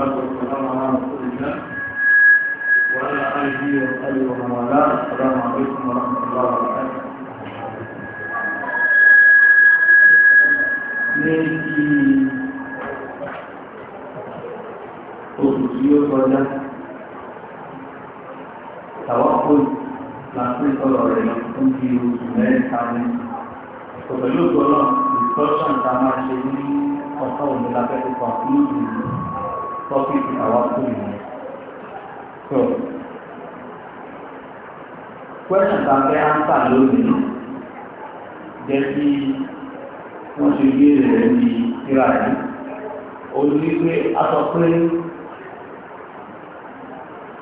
والسلام على رسول الله وعلى آله وصحبه ومن والاه السلام عليكم ورحمة الله وبركاته ní ti oṣù tí ó kọjá tàwápò láti sọ̀rọ̀ rẹ̀ fún bí ní ìlú tọ́pìkì àwọn tó yìí. So, question ta fẹ́ áńsà lónìí jẹ́ kí wọ́n ṣe gbé rẹ̀ ní kíra yìí. O ní pé a sọ pé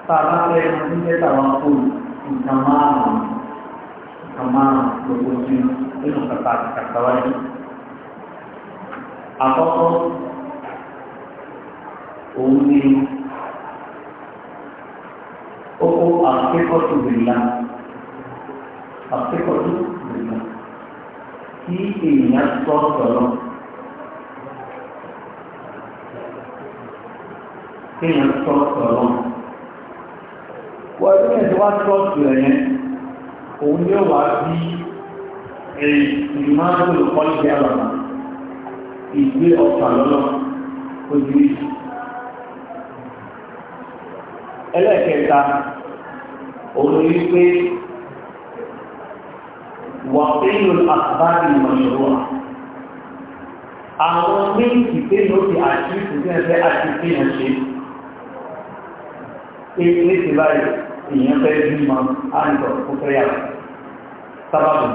tá a bá fẹ́ ní mẹ́ta wọn kó nǹkan márùn-ún nǹkan márùn-ún gbogbo sí nínú kàtàkì kàtàwáyé. Àkọ́kọ́ òun ni kókó àkẹ́kọ̀ọ́tù bìlá àkẹ́kọ̀ọ́tù bìlá kí èèyàn sọ sọ̀rọ̀ kéèyàn sọ sọ̀rọ̀ wọ́n ẹgbẹ́ ẹ̀ tí wá sọ sọ̀rọ̀ yẹn òun yóò wá bí ìmáàlú olùkọ́ni bí àlọ́ ìgbé ọ̀pá lọ́lọ́ ojú ìṣẹ́ ẹlẹ́ẹ̀kẹta òun ni wípé wà pẹ̀lú àkàbáyé ìmọ̀ṣọ́wà àwọn méjì pé ló ti àti ìfúnfẹ́ àti ìfihàn ṣe pé ní ti báyìí èèyàn fẹ́ bímọ àìsàn kó fẹ́ yà sábàbù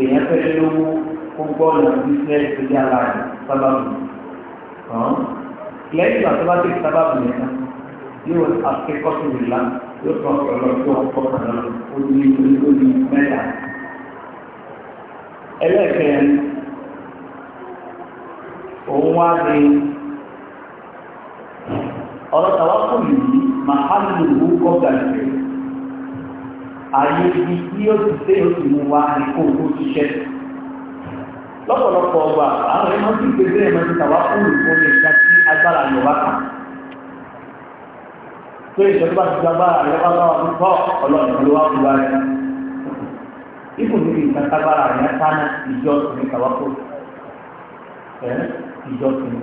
èèyàn fẹ́ lówó kó gbọ́nà bísíẹ̀sì tó yára sábàbù lẹ́yìn ìgbà sábàbù nìkan yóò àfikọ́sí ìlà yóò tọ́ ọ̀rọ̀ tó ọ̀pọ̀ kan oní oní mẹ́ta. ẹlẹ́ẹ̀kẹ́ òun wá ní ọ̀rọ̀ tàwákù yìí màhálù wú kọ́gà ìfẹ́ ààyè ibi tí ó ti dé oṣù mú wa ní kó o ṣiṣẹ́ lọ́pọ̀lọpọ̀ ọgbà àwọn ẹ̀mọ́ sì gbé bẹ́ẹ̀ mọ́ ti tàwákù yìí fún ẹ̀ka tí agbára yọ̀ wá kàn pé ìjọba ti gbàgbára rẹ̀ bá bá wà ní pọ̀ ọlọ́run ló wá wù wá rẹ̀. Ibùn níbi ìgbàgbára rẹ̀ sáná ìjọ ní kàwákò. Ẹ ìjọ sí ní.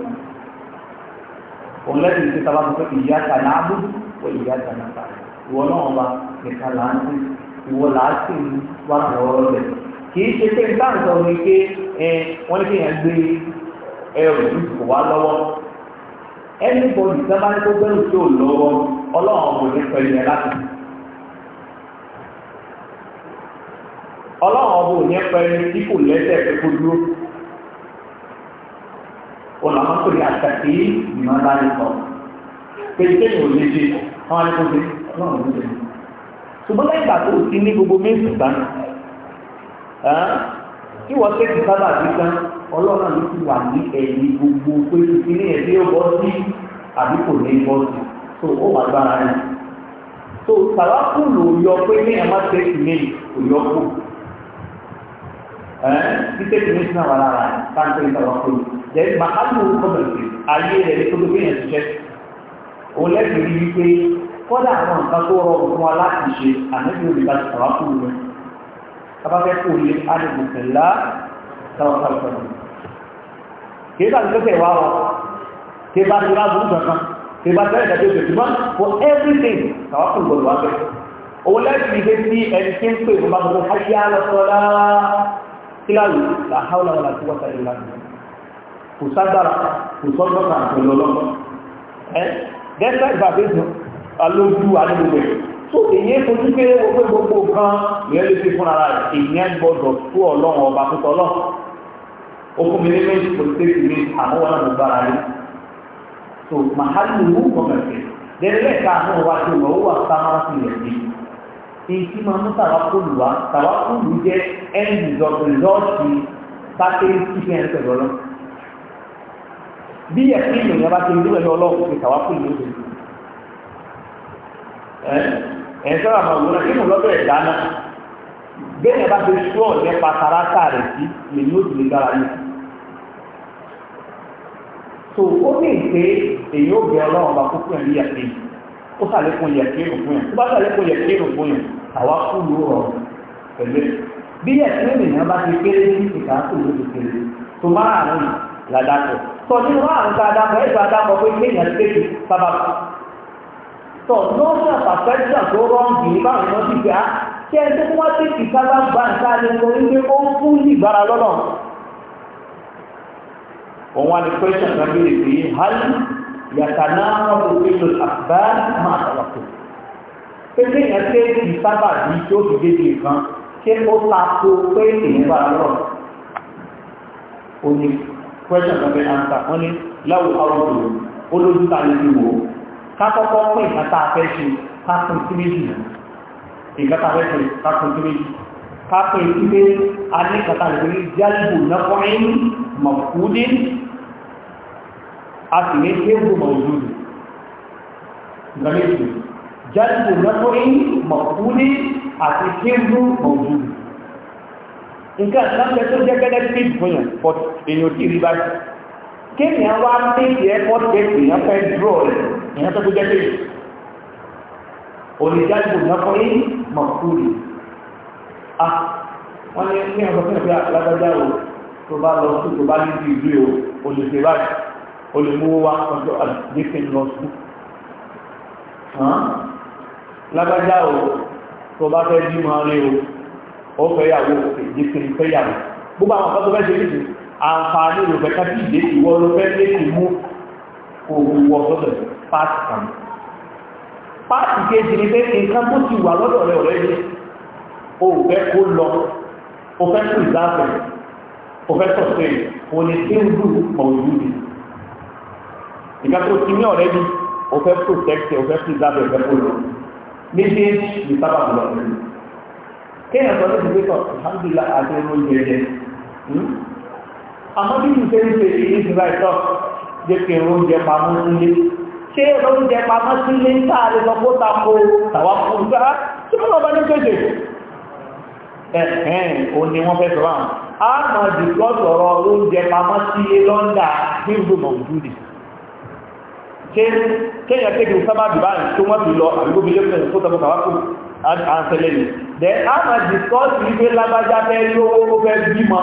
Òun lẹ́yìn ìṣe tàbá sọ pé ìyá kàná ábú wọ ìyá kàná kà. Ìwọ náà wà nìkan là ń Ìwọ là ń wá lọ́wọ́ rẹ̀. Kì í ṣe pé ìgbà ń pé wọ́n ní kéèyàn gbé ẹrù ìdìbò wá lọ́wọ́ anybody tí wọ́n bá ní tó gbẹ́rù tí ò lọ́wọ́ ọlọ́run kò ní pẹ̀lú ẹ̀ láti. ọlọ́run ọba ò ní pẹ̀lú tí kò lẹ́sẹ̀ tó kó dúró. olùwàmọ́ tó yà àtàkì ìmọ̀ bá ní sọ. pèsè yìí ò lè ṣe wọ́n á ní kó ṣe ọlọ́run ló lè. ṣùgbọ́n lẹ́yìn ìgbà tó ti ní gbogbo méjì gbà tí wọ́n tẹ́kì sábà sí sáà ọlọ́run ló ti wà ní ẹ̀yìn gbogbo pé kíní ẹ̀ bí ó bọ́ sí àbí kò ní bọ́ sí tó ó wà gbára rẹ̀ tó tàwákù ló yọ pé ní ẹ̀ má ṣe kìíní kò yọ kù ẹ̀ títẹ̀ kìíní sí àwọn ará rẹ̀ káńtẹ̀ ìtàwákù jẹ́ màkàlù kọ́mẹ̀tì ayé rẹ̀ ní kótó kéèyàn ṣiṣẹ́ òun lẹ́sìn rí wípé kọ́dà àwọn nǹkan tó rọrùn fún wa láti ṣe àmẹ́bí òrìta tàwákù rẹ̀ tábàfẹ́ kéèbà ní lọ́sẹ̀ wá ọ kéèbà ní wá burú kankan kéèbà tẹ́lẹ̀ tẹ́lẹ̀ tẹ́lẹ̀ ṣùgbọ́n for everything tàwa kò gbọdọ̀ wá bẹ́ẹ̀ owó lẹ́sìn ìgbé tí ẹni tí ń pè fún bá gbogbo ayé alọ́sọ́lá kíláàlú làháwọ́ làwọn àti wọ́n sáré lánàá kò ságbára kò sọ́dọ̀ kan àti ọlọ́lọ́ ẹ dẹ́sẹ̀ ìbàbẹ́sùn alójú alógbè tó èyí fojú pé owó gbogbo kan ìyẹn lè fi fúnra rẹ̀ èyí gbọdọ̀ tó ọlọ́run ọba tó tọ́lọ́run okùnrin méjì kò tẹ́lẹ̀ mi àwọn wọn lọ bára rí so màhálù wù kọ̀mẹ̀tì dẹ́rẹ́lẹ̀ ká àwọn wa tó wọ̀ ó wà sáwọn sí rẹ̀ bí èyí máa mú tàwákùlù wá tàwákùlù jẹ́ end result rìsọ́ọ̀tì pákéjì kíkẹ́ ẹ̀ pẹ̀lú ọlọ́ bí ẹ̀sìn ìròyìn bá ti rí pẹ̀lú ọlọ́run pé tàwákùlù ló dé ẹ̀ sọ́ra àwọn òwúrọ̀ kí mo lọ́dọ̀ ẹ̀ dáná bẹ́ẹ̀ bá ti sọ́ọ̀ nípa tàràkà rẹ̀ sí lè ní òtún lè dára yìí tó ó ní ìpé èyí ó bẹ ọlọ́run bá kókó ẹ̀rí yàtí ó sàlékún yàtí òfin yàn tó bá sàlékún yàtí òfin yàn àwa kú ló rọ pẹ̀lú bí yàtí ènìyàn bá ti kéré ní ìka kú ló ti kéré tó má àrùn ládàpọ̀ tó ní wọ́n àrùn ká dápọ̀ ẹ̀sọ́ àdápọ̀ pé kéèyàn tẹ́kì sábà tó lọ́sẹ̀ pàfẹ́sẹ̀ tó rọ́ǹgì báwọn ọmọ ti gbà kí ẹ òun wá ní pẹ́sàn kan bèèrè pé hal yàtàná wọn tó fi lọ àbá máa sọ̀rọ̀ tó pété yẹn pé ìsábà bíi tó fi débi nǹkan ṣé ó ta tó pé èyí lọ òní pẹ́sàn kan bẹ́ẹ̀ àǹtà wọn ní láwù àwùjọ olójú ta ní ìwò kákọ́kọ́ pé ìkàtà afẹ́ ṣe kákùn sí méjì ìkàtà afẹ́ ṣe kákùn sí méjì kápẹ́ ìpínlẹ̀ anẹ́kàtà ìwé jálùbù nọ́kọ́rin mọ̀kúdín a sì ní kéèkù mọ̀lúdù gbẹ̀mẹ́sì jálùbù nọ́kọ́rin mọ̀kúdín àti kéèkù mọ̀lúdù nǹkan ìlànà tó jẹ́ gẹ́gẹ́ tí ìfòyàn pọ̀ èyàn tí rí báyìí kéèyàn wá ní airport gate èyàn fẹ́ dúró rẹ̀ èyàn tó jẹ́ pé oníjálùbù nọ́kọ́rin mọ̀kúdín a ah, wọ́n ní ní ọ̀sán fún ìgbà alágbájá o tó bá lọ sí tó bá ní ti ìlú o o lè ṣe báyìí o lè mú wá ọjọ́ àdéhùn lọ sí. lágbájá o tó bá fẹ́ bí máa rí o ó fẹ́ yàwó ìdíkiri fẹ́ yàwó gbogbo àwọn ọ̀sán tó fẹ́ ṣe níbi àǹfààní rò fẹ́ ìdé ìwọ ló fẹ́ lé ti mú kò wọ sọ́dọ̀ pàtì kan pàtì kejì ni pé nǹkan tó ti wà lọ́dọ̀ rẹ̀ ọ̀rẹ́ o fẹ́ kó lọ o fẹ́ tó ìzáfẹ́ o fẹ́ tọ̀ sí o ní tí ń lù mọ̀ òjú ni ìgbà tó ti ní ọ̀rẹ́ bí o fẹ́ protect o fẹ́ tó ìzáfẹ́ o fẹ́ kó lọ méjèèjì ní sábà lọ kéèyàn sọ lóṣù pé tọ̀ alhamdulillah àti ẹnu oúnjẹ jẹ hmm? àmọ́ bí mi ṣe ń ṣe ìṣúra ìtọ́ jẹ́ kí ẹ̀rọ oúnjẹ pamọ́ sílé ṣé ẹ̀rọ oúnjẹ pamọ́ sílé ń tààrí lọ́pọ̀ tako tàwa fún un gbá tí wọ́n lọ bá ní kéde ẹ̀hẹ́n o ni wọ́n fẹ́ sọ àwọn a máa dìkọ́ sọ̀rọ̀ oúnjẹ pamọ́ sí lọ́ndà hillbom of judy kéyà kéde sábà dùbà tó wọ́n fi lọ àgbóbi lẹ́fẹ̀ẹ́ tó tọ́kọ̀ kàwákù àǹsẹ̀lẹ̀ ni then a máa dìkọ́ sí ilé lágbájá fẹ́ lówó ó fẹ́ bímọ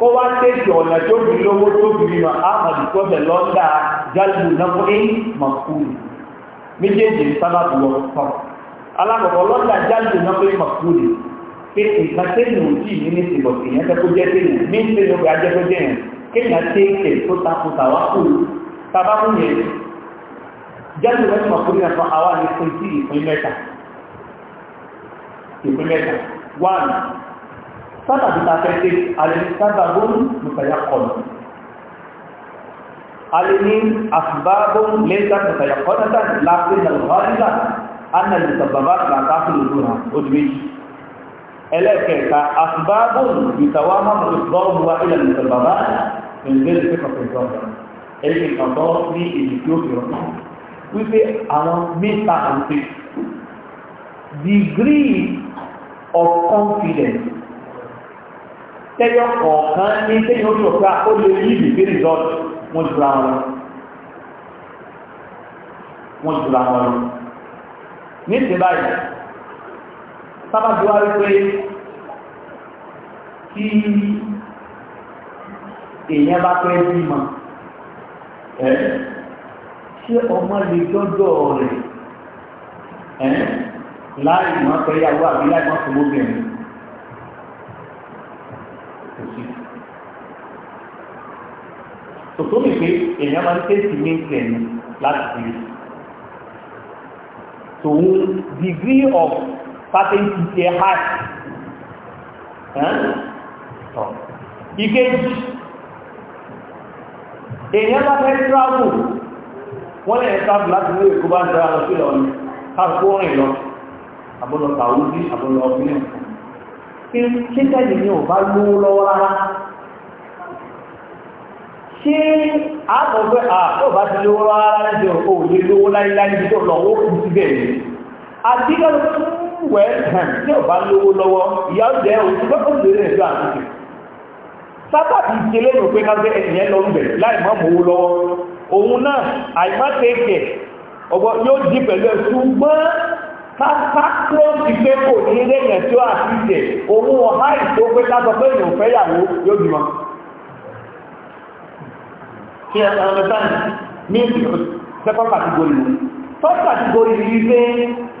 kó wá tètè ọ̀nà tó fi lówó tó fi bímọ a máa dìkọ́ sẹ̀ lọ́ndà jálù náfẹ́ mọ̀kúrì méjèèjì sábà dùwọ̀ kọ̀ alákọ̀ọ́ lọ́ndà jálù náfẹ́ mọ̀kúrì pé nǹkan tẹ́lẹ̀ òjì yìí ní ìsìnbọ̀ èèyàn tẹ́ kó jẹ́ tẹ́lẹ̀ mí ń tẹ́lẹ̀ ọgbà jẹ́ tó jẹ́yàn kéèyàn tẹ́ kẹ̀ tó takò tàwa kù tàbá kù yẹn jáde rẹ̀ mọ̀ fún ìrìnàfọ́ àwa ní fún sí ìpín mẹ́ta ìpín mẹ́ta wọ́n sábà bí ta fẹ́ tẹ́ alẹ́ ní sábà ẹlẹ́kẹ̀ẹ́ta asbábùn ìtawà mọ́mù ìgbọ́ọ̀bùwa ilẹ̀ ìtàbàbà ìgbẹ́lẹ̀ pẹ́kọ̀ọ́ ìjọba ẹ̀yìn ìkàtọ́ ní èdè tí ó fi rọ̀ wípé àwọn mẹ́ta àti degree of confidence tẹ́yọ̀ kọ̀ọ̀kan ní tẹ́yọ̀ ojú ọ̀pá ó lè yí ìdìbí result wọ́n jùlọ àwọn wọ́n jùlọ àwọn ní ìsìn sábàbí wá wípé tí èèyàn bá pẹ́ bímọ ẹ̀ ṣé ọmọ lè dọ́dọ̀ rẹ̀ ẹ̀ láì mọ́ pẹ́yàwó àbí láì mọ́ fún obìnrin kò sí tòtò mi pé èèyàn máa ń tẹ̀sí ní ìkẹyìn láti fi tòun degree of pàtẹ́ǹtì tiẹ̀ hajj tọ̀ ìkejì èèyàn bá fẹ́ tíráàbù wọ́n lè tíráàbù láti lórí kó bá ń dára lọ sí lọ ní káàkó rìn lọ àbúlọ sàúdí àbúlọ ọ̀gbìnà kí tẹ́jì ní ò bá lówó lọ́wọ́ rárá ṣé àtọ̀gbẹ́ àtọ̀ bá ti lówó rárá lẹ́jọ́ òòlé lówó láíláí tó lọ́wọ́ kù síbẹ̀ àti wẹ́ẹ́ hàn ọba lówó lọwọ ìyá ọ̀jẹ̀ òtún gbọ́dọ̀ lè rìn ìlú àtúntò sábà ti ṣe lẹ́nu pé ká gbé ẹnìyẹn lọ bẹ̀ láì má mọ̀ owó lọ́wọ́ òun náà di tó ti pé kò ní ó àti òun pé ká sọ pé èèyàn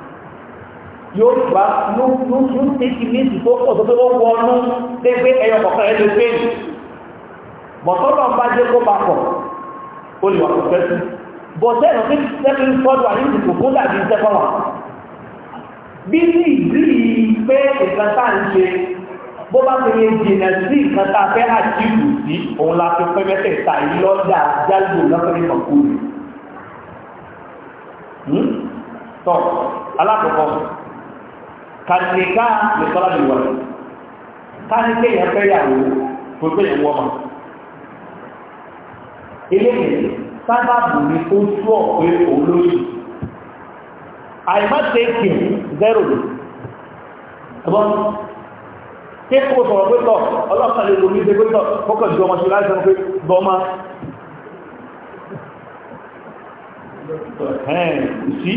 yóò gbá lóòrùn tẹ́kì méjì tó pọ̀ tó tó wọnú lẹ́gbẹ́ ẹyọ kọ̀ọ̀kan ẹ̀lẹ́ pẹ́lú bọ̀tọ́lọ̀ bá jẹ́ kó papọ̀ ó lè wà kò fẹ́sí bọ̀tẹ́ ẹ̀rọ pé sẹ́kì ń fọ́dọ̀ àní ìdìbò kó dàbí iṣẹ́ fọ́wà bí ní ìdílì pé nǹkan tá ń ṣe bó bá ti yẹ jìnà sí nǹkan tá a fẹ́ àjíìlù sí òun la fi pẹ́ mẹ́tẹ̀ẹ̀ta yìí lọ́dà jálù lọ́kùnrin kọ̀ọ̀kùnrin hmm? tọ́ alákọ̀ọ́kọ́ kàtìkà lè sọ́lá lè wà káàkiri èèyàn fẹ́ yàwó gbogbo èèyàn wọ́n ma eléyìí sábàbù ni ó tú ọ̀ pé olóyè àìmọ́tẹ́kì zero ẹ̀bọ́n tí kò sọ̀rọ̀ pé tọ̀ ọlọ́pàá lè lórí ìdẹ́gbé tọ̀ fọ́kàn jọ ọmọ ṣùgbọ́n láìsàn pé bọ́ọ̀má sí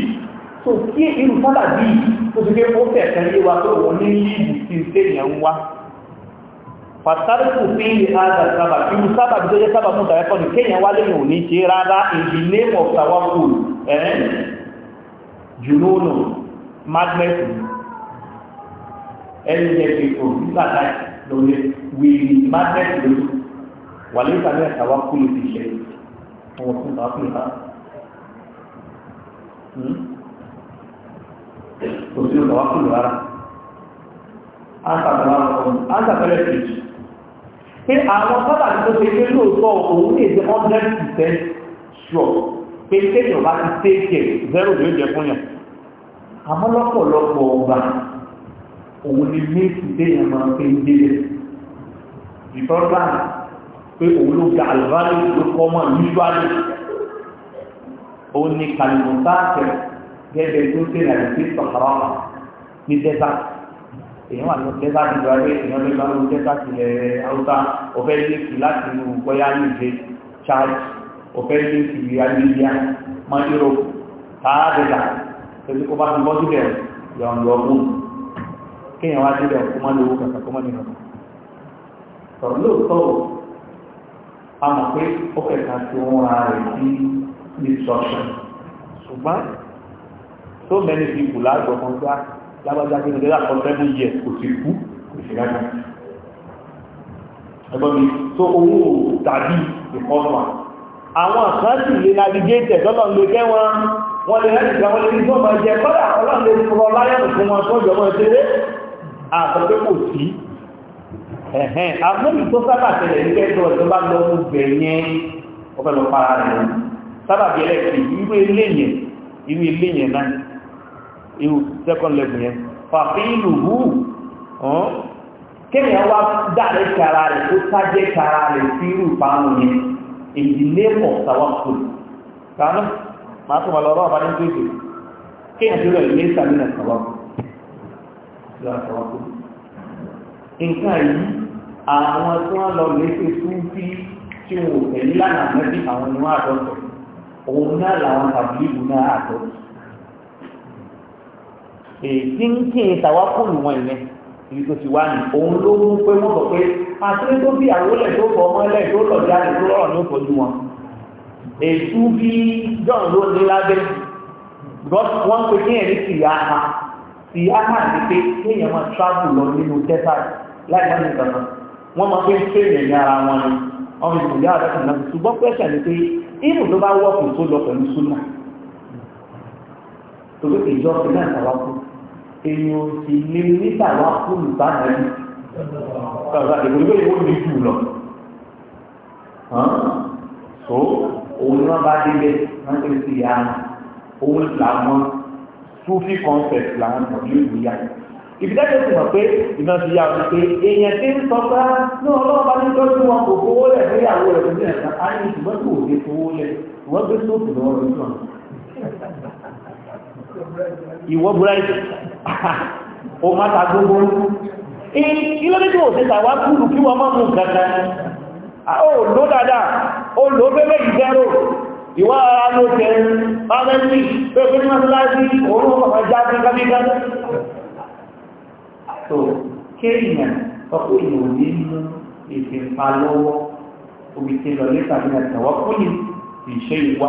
tó kí irú sábà bí tó ti gbé ó fẹ̀ẹ̀kẹ́ lé wa tó wọ́n ní ìlú tí ń tẹ̀yàn ń wá pàtàkì fi ń lè ága sábà irú sábà bí tó jẹ́ sábà fún ìdàrẹ́kọ́ ní kéèyàn wá lẹ́yìn òní ṣe rárá ìdí name of tawakul ẹ̀ẹ́n junono magnet ẹni jẹ́ pẹ̀tọ̀ nígbàtà lórí wìrì magnet lórí wà lè sàmì tawakul ti ṣe ọwọ́ fún tawakul náà hmm? kò sí ìtàwákùnlù rárá ásàtàlẹ́ kejì pé àwọn sábà tó ṣe pé lóòótọ́ òun lè jẹ́ 100% sure pé kéèyàn bá ti tẹ́ẹ̀kẹ̀ zero ló jẹ fún yàn àmọ́ lọ́pọ̀lọpọ̀ ọgbà òun ni méjì déyàn máa fi ń délé ìtọ́gbà pé òun ló ga àlùbáyé ló kọ́ mọ́ nígbàdé òun ni kàlùmọ́tà kẹrẹ̀ gẹ́gẹ́ tó ṣe nàìjíríà sí sọ̀kọ̀rọ̀ ní dẹ́sà èèyàn wà ní dẹ́sà ti lọ ẹgbẹ́ èèyàn lè lọ ní dẹ́sà ti lẹ̀ haúsá ọ̀fẹ́ ilé kì láti inú bọ́yá níje chad ọ̀fẹ́ ilé kì alíyá mọ́júrò tàá dẹ́sà tẹ̀sí kó bá ti bọ́ síbẹ̀ yọ̀n lọ mú kéèyàn wá síbẹ̀ kó má lówó kàkà kó má nínú sọ̀rọ̀ lóòótọ́ a mọ̀ pé ó kẹ̀kà tó ń ra rẹ̀ sí instruction ṣùgbọ́n so many people láàjọ kan tó á ah, lágbájá kí nìjẹ́ láàkọ́ seven years kò sí kú kò sí rárá ẹgbọ́n mi so owó tàbí ìkọ́sùn àwọn kan sì lè navigate lọ́lọ́ lè kẹ́ wọn wọ́n lè rẹ́sì kan wọ́n lè rí tó máa jẹ kọ́dà ọlọ́run lè rọ láyẹ̀mù fún wọn tó jọmọ́ ìṣeré àtọ́pẹ́ kò sí ẹ̀hẹ́n àmọ́lù tó sábà tẹ̀lẹ̀ ní kẹ́tọ́ ọ̀tọ́ bá lọ mú bẹ̀ yẹn ọpẹ́ lọ para rẹ̀ sábà bí ẹlẹ́kì irú ilé yẹn irú ilé yẹn náà irú second level yẹn fàfíìlù hù ọ́n kéèyàn wá dáre kara rẹ̀ ó sájẹ́ kara rẹ̀ sí irú ìpamọ́ yẹn ìdílé pọ̀ sàwọ́pù kàánú màá tó wọn lọ rọ́ọ̀bá ní gbèsè kéèyàn tó lọ ilé sàmínà sàwọ́pù nǹkan yìí àwọn tí wọ́n lọ léṣe fún bí tí wọn ò tẹ̀lé lánàá mẹ́bí àwọn ni wọ́n àdọ́tọ̀ òun náà làwọn tàbí ìlú náà àdọ́tọ̀ èyí ń kí n tàwákùlù wọn ìyẹn ibi tó ti wá ní òun ló mú pé wọ́n sọ pé àtúndé tó bí àwọlẹ̀ tó fọ ọmọlẹ̀ tó lọ jáde tó lọ́rọ̀ ní òfojú wọn ètú bí john ló ní lábẹ́ wọ́n pe kí ẹ̀rí sì yá ha sì yá ha ní pé kéèyàn máa travel lọ nínú desert láì má ní kankan wọ́n máa fi ń tẹ́ ìrìn ara wọn ni wọ́n fi kùn yára lọ́sùn náà ṣùgbọ́n pẹ́sẹ̀ ni pé ìmù tó bá wọ́pù tó lọ pẹ̀lú súnà torí ìjọ fi náà tàwákùlù èèyàn ò sì lè nígbà wá fúlù bá nàlí kàwé ìwé ìwé mi jù lọ so òun ni wọn bá délé wọn ti ti yá òun làwọn sufi concept làwọn ọmọ yóò wúyà ìbílẹ̀jọ́ ti mọ̀ pé iná ti yá wọn pé èèyàn ti ń sọ pé ní ọlọ́run bá ní tọ́jú wọn kò fowó lẹ̀ fún ìyàwó rẹ̀ fún ìyàwó rẹ̀ á ní ìṣùgbọ́n tí òde fowó lẹ̀ wọ́n gbé sóòtù lọ́wọ́ lójú ọ̀nà ìwọ búráìtì o má ta gbogbo ilé tí ó ṣe tàwà kúrù kí wọ́n mọ́ mú gẹ̀gẹ̀ ó ló dáadáa ó ló bẹ́bẹ̀ ìgbẹ́rò ìwọ́ ara ló tẹ pàmẹ́sì pẹ́pẹ́ ní mọ́síláàsì òun ọmọ já sí kábíkà tó kéèyàn ọkọ̀ ìwò nínú ìfìfà lọ́wọ́ obìtì lọ lẹ́tàbí àtàwọ́kùnrin ìṣe ìwà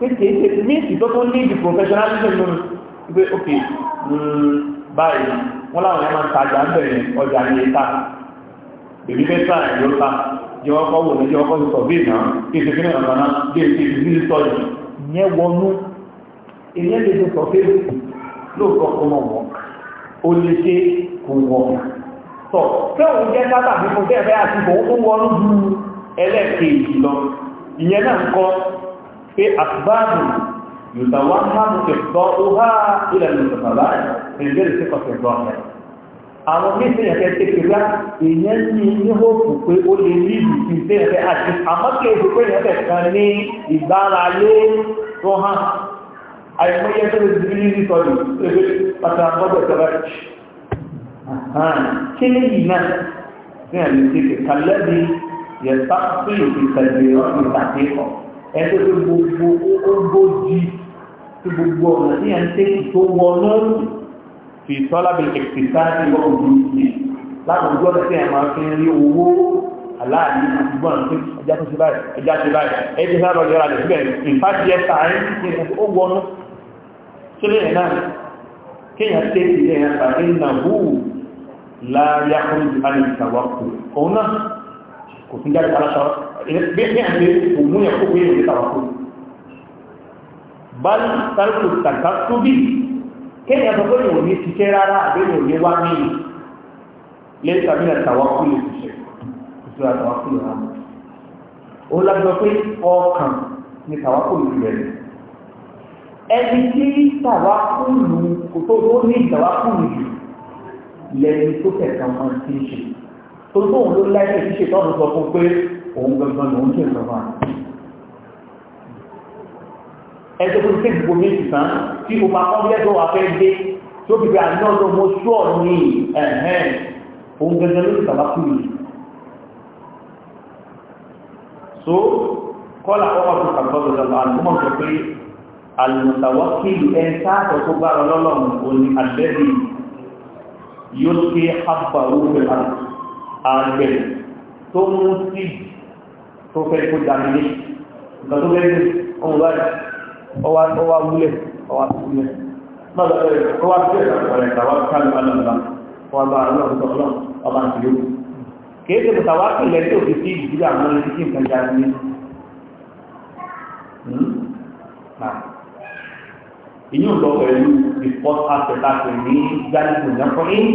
pé kìí ṣe ní ìtọ́tọ́ ní ìdí professionalism lórí pé ok hmm, báyìí wọ́n láwọn ẹ̀ máa ń tajà ń bẹ̀rẹ̀ ọjà ní ìta bèbí bẹ́ẹ̀ sáà ẹ̀ ló ta jẹ́ ọkọ̀ wò ní jẹ́ ọkọ̀ sọ̀ bí ìná kí ṣe kíní ọ̀nà náà jẹ́ ìṣe ìbílẹ̀ sọ́ọ̀jì ìyẹn wọnú ìyẹn lè ṣe sọ pé lóòótọ́ kó mọ̀ wọ́n ó lè ṣe kó wọ́n tọ̀ tí òun jẹ́ sátà fífún tẹ́ẹ̀fẹ́ àti ìbò ó wọnú ju ẹlẹ́ẹ̀kejì lọ ìyẹn náà ń kọ́ في àtúbáàbù yòtà wá hábù ẹ̀tọ́ ọha ilẹ̀ lùsọ̀tàbá ẹ̀gbẹ̀rẹ̀ sí kọ̀sẹ̀ gọ́ọ̀mẹ̀ àwọn oníṣẹ́ yẹn fẹ́ kékeré èèyàn ní ní hóòpù pé ó lè rí ìlú ìṣe yẹn fẹ́ àti àmọ́ kí èso pé yẹn fẹ́ kan ní ìgbára lé tó hàn àìmọye tó lè dìbí ní sọdù ẹgbẹ́ pàtàkì ọgbẹ́ tó bá kí ni yìí náà ní àlè kàlẹ́bí yẹn sáfì ìtàgé ọ̀gbìn tàgé ọ̀ ẹgbẹ́ tó gbogbo ogójì tó gbogbo ọ̀nà ní àǹtẹ́kì tó wọnú fi tọ́lábì ẹ̀kìtà ti wọ́n ojú ìsì láwùjọ ọ̀nà tí a máa fi ń rí owó aláàbí àdúgbò àti ẹja tó ṣe báyìí ẹja ṣe báyìí ẹja ṣe báyìí ọ̀yọ́ra rẹ̀ síbẹ̀ ìfàjì ẹ̀ta àárín ó wọnú sílẹ̀ náà kéèyàn tẹ́kì ẹ̀yàn tàbí nàbú kò sí jáde aláṣọ bí ẹ̀yàn lè kò mú yàn kókó yẹn lè tàwọn kó bá sáré tàgbà tó bí kéèyàn sọ pé yòó ní ṣiṣẹ́ rárá àbí yòó ní wá ní lè tàbí nà tàwọn kó lè ṣiṣẹ́ kò sí àtàwọn ni tàwọn kó lè bẹ̀rẹ̀ ẹni tí lẹ́yìn tó tẹ̀sán kan ti ṣe torípòhùn ló láìpẹ́ tí ṣètọ́nù sọ fún pé òun gbẹ̀gbọ́n lòun tí ìsọ̀fà ẹjọ́ tó tẹ́ gbogbo méjì tán tí o bá kọ́ lẹ́tọ́ wà fẹ́ dé tó fi bí àná tó mo sọ ní ẹ̀hẹ́n òun gbẹ̀gbọ́n ló ìsọ̀fà kú yìí so kọ́lá ọkọ̀ tó kàgbọ́ tó dàgbà tó mọ̀ sọ pé alùmọ̀tàwọ́kìlù ẹ̀ sáàtọ̀ tó gbára lọ́lọ́run òní àbẹ́rì yóò ké àbàrú pẹ̀lú àgbẹ̀ tó mú sí tó fẹ́ kó dàmílé nǹkan tó fẹ́ ọmọ báyìí ọwá wúlẹ̀ ọwá wúlẹ̀ ọwá sílẹ̀ ọ̀rẹ́ ìtàwà kálù alọ́nà ọwá bá alọ́nà ọlọ́nà ọba ń tìlú kìí ṣe mùtàwá pìlẹ̀ tó fi sí ìdílé àwọn ilé tí nǹkan já ní ìyún lọ pẹ̀lú the first aspect àti ní gbáyìí kò ní ọkùnrin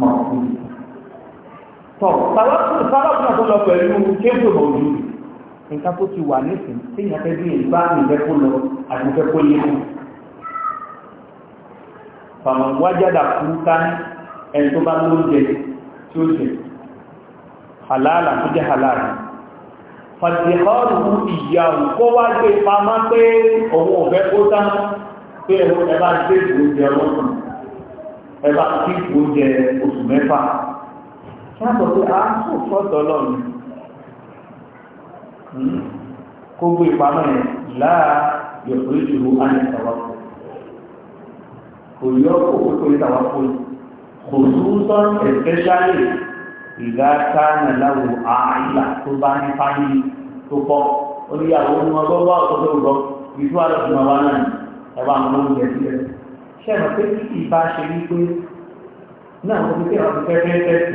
mọ̀ fún mi tọ̀ sábàbùnà tó lọ pẹ̀lú kéńtò bòjú nǹkan tó ti wà nísìn tí ìyàn fẹ́ bí ìgbà ìfẹ́ kó lọ àti ìfẹ́ kó lé mú fàmọ̀ wájádà kúrúká ẹni tó bá lóúnjẹ tí ó jẹ halala tó jẹ halala fàtìhọ́rù ìyàwó kó wá gbé pamá pé òun òfẹ́ kó tán pé ẹ̀rọ ẹ̀bá gbé ìgbóúnjẹ ọlọ́sùn ẹ̀bá kí ìgbóúnjẹ oṣù mẹ́fà yàtọ̀ pé a kò fọ́tọ̀ lọ́nà kó gbé ìpamọ́ ẹ̀ láà yọ̀pọ̀ ìṣòro àti ìtàwákò kò yọ kó kó kó ìtàwákò kò súnsọ́ ẹ̀fẹ́ṣálì ìgbàta nàláwò àìlà tó bá ní fáyé tó pọ̀ oníyàwó ní wọn gbọ́ bá ọ̀tọ̀ tó gbọ́ ìfú àlọ́sùn ọba náà ẹ̀wà àwọn oúnjẹ sílẹ̀ ṣẹ́ẹ̀mọ̀ pé kí ìbá ṣe wípé náà wọ́n ti fẹ́ràn fẹ́fẹ́ fẹ́sì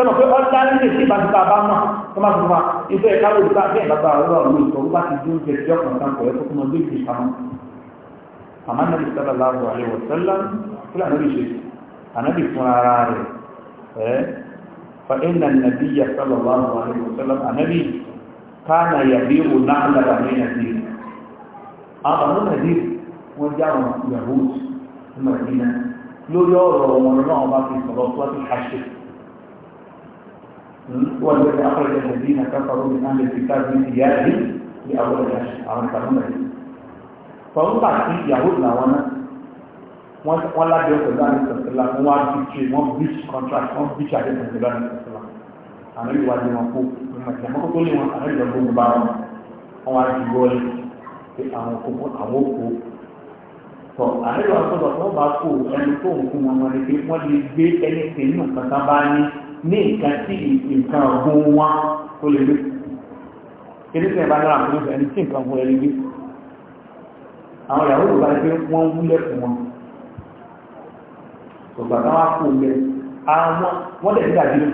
sọ́nà pé ọ́dá nílé sí ìbáṣepọ̀ àbámọ̀ tó máa fún wa ìfẹ́ ìkáwó ìgbà bí ìbàbá ọ̀rọ̀ ọ̀rọ̀ ìtọ́ bá ti dúró jẹ jọ kan kan pẹ̀lú fún ọdún ìgbì pamọ́ àmọ́ nàbì sọ́dọ̀ láàbù àríwọ̀ sọ́lá fúlà nàbì ṣe ànábì fún ara rẹ̀ ẹ́ fa ẹ̀nà nàbì yà sọ́dọ̀ láàbù àríwọ̀ sọ́lá ànábì kánà yàbí wò náà lára ní nàbì àwọn ọmọ nàbì wọ́n já wọn yahoo lórí ọ̀rọ̀ wọn náà wọ́n bá fi sọ̀rọ̀ هو الذي أخرج الذين كفروا من أهل الكتاب من ديارهم لأول الأشهر أو الكلام ده فهم بعدين يهود لوانا wọ́n lábẹ́ ọ̀sẹ̀lá ní sọ̀sẹ̀lá wọ́n wá bí ṣe wọ́n breach contract wọ́n breach àdé sọ̀sẹ̀lá ní sọ̀sẹ̀lá àmì ìwádìí wọn kó ìmọ̀tìmọ́ tó lé wọn àmì ìjọba ogun bá wọn wọ́n wá ju wọ́ọ̀lì pé àwọn òkú àwọn òkú tọ̀ àmì ìwádìí wọn sọ̀rọ̀ tó bá kó ẹni tó ń fún wọn wọn ni lè gbé ẹni tẹ̀yìn nǹkan tán bá ní ní nǹkan tí nǹkan ọ̀gbọ́n wọn kó lè rí kìí sẹ́yìn bá dára fún ẹni tí nǹkan fún ẹni gbé àwọn ìyàwó ìgbà pé wọ́n wúlẹ̀ fún wọn ọgbà náà wá kó lẹ àwọn wọ́n lè ní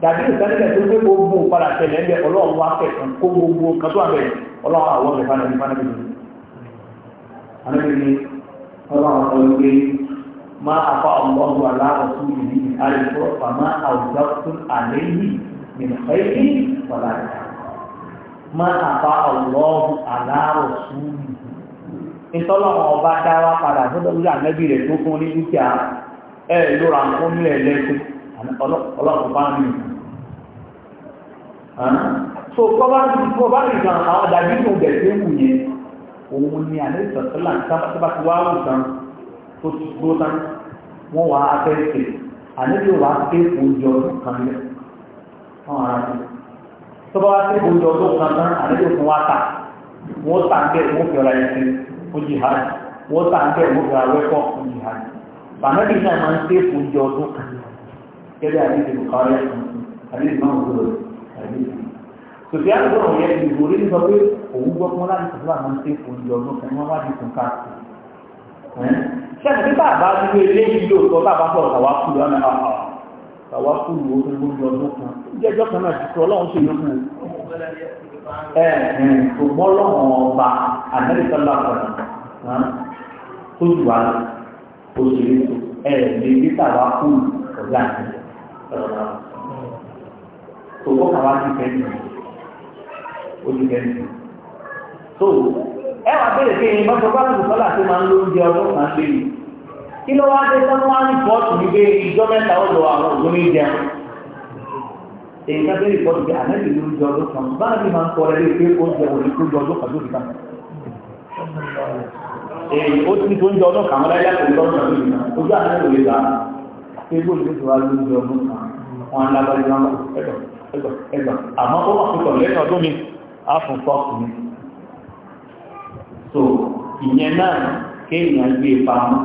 dàbílù dàbílù sẹ́lẹ̀ tó gbé gbogbo padà tẹ̀lé ẹgbẹ́ ọlọ́run wá fẹ̀ kan kó gbogbo kan tó àbẹ̀ ọlọ́run àwọn ọ̀rẹ́ fún ẹni fún ẹni àwọn ẹni ọlọ́run ọ̀rẹ́ máa àfa ọ̀gbọ́n wà láàrọ̀ fún ìdí àlùkò fàmà àwùjọ tó àlẹ́ yìí nìfẹ́ yìí wọlá yà má àbá ọlọ́ọ̀hún aláàrọ̀ sùúrù ìtọ́lọ́wọ́ ọba dá wa padà sọ́dọ̀ wíwá nẹ́bí rẹ̀ tó fún ní dúkìá ẹ̀ lóra fún nílẹ̀ lẹ́sìn ọlọ́ọ̀hún bá ń rìn so kọba ní gan àwọn dàbí ní ọgbẹ tí ń wù yẹn òun ni àlẹ ìtọ́sílà tí bá ti wá wù tán tó ti gbó tán wọ́n wà á fẹ́ àlejò wa ké oúnjẹ ọdún kan lẹ wọn ara rẹ tó bá wá ké oúnjẹ ọdún kan tán àlejò fún wa ta wọn tà ń bẹ wọn fi ọ̀rọ̀ ẹsẹ fún jihad wọn tà ń bẹ wọn fi ọ̀rọ̀ ẹkọ fún jihad bàmẹ́bí náà máa ń ké oúnjẹ ọdún kan lẹ kẹ́lẹ́ àdéhùn bukari àdéhùn náà wúlò àdéhùn tòtí àgbọ̀n òun yẹn ìdìbò rí nípa pé òun gbọ́ fún wọn láti tòtí àwọn ṣe oúnjẹ ọdún kan wọn wá di kùn káàkiri sẹ́nà pípa àbá dúró ilé ìlú ọ̀tọ̀ bàbá pọ̀ tàwa kú lọ náà tàwa kú lù ó gbogbo ní ọdún kan jẹ́jọ́ kan náà jùlọ ọlọ́run ṣe yókù ẹ̀ ẹ̀ kò mọ́ ọlọ́run ọba amẹ́ríkà lápọ̀lọ́ tó jù wá lọ tó ẹ̀ lè gbé tàwa ọ̀gá àti ọ̀gá ẹwà bèèrè pé ní mọ́tò bá lùsọ́ láti máa ń lo oúnjẹ ọdún kan ṣe yìí kí ló wá dé sọ́nù wá rìpọ́ọ̀tù wípé ìjọ mẹ́ta ó lọ àwọn ògùn ní jẹun èyí ká bẹ́ẹ̀ rìpọ́ọ̀tù pé àmẹ́lì ló ń jẹ ọdún kan bá ní máa ń kọ́ ẹ lé pé oúnjẹ wò ní kó jẹ ọdún kan lórí kan èyí ó ti tó ń jẹ ọdún kan láyé àti wọn alábàájú wọn ẹgbà àmọ́ ó wà púpọ̀ lẹ́nu ọdún mi á fún fọ́ọ̀kù mi tó ìyẹn náà kéèyàn gbé pamọ́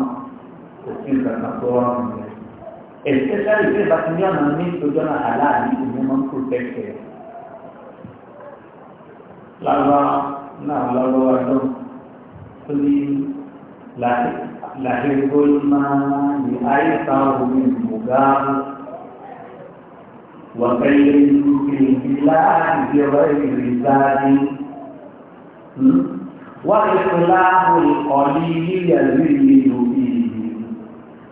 kò sí nǹkan kan tó rọrùn rẹ̀ especially tí ìbá ti ní ọ̀nà ní ìtòjọ́ náà aláàbí ìyẹn máa ń protect ẹ̀ lára náà lọ́wọ́ ẹ̀dọ́ tó ní làhẹ́gbó máa ní àyíká omi ìmùgáàmù wọ̀kẹ́lẹ́ ìlú kìlìkìlá ìgbẹ́wọ́ ìrìnzáàdì وإصلاح القليل يزيد به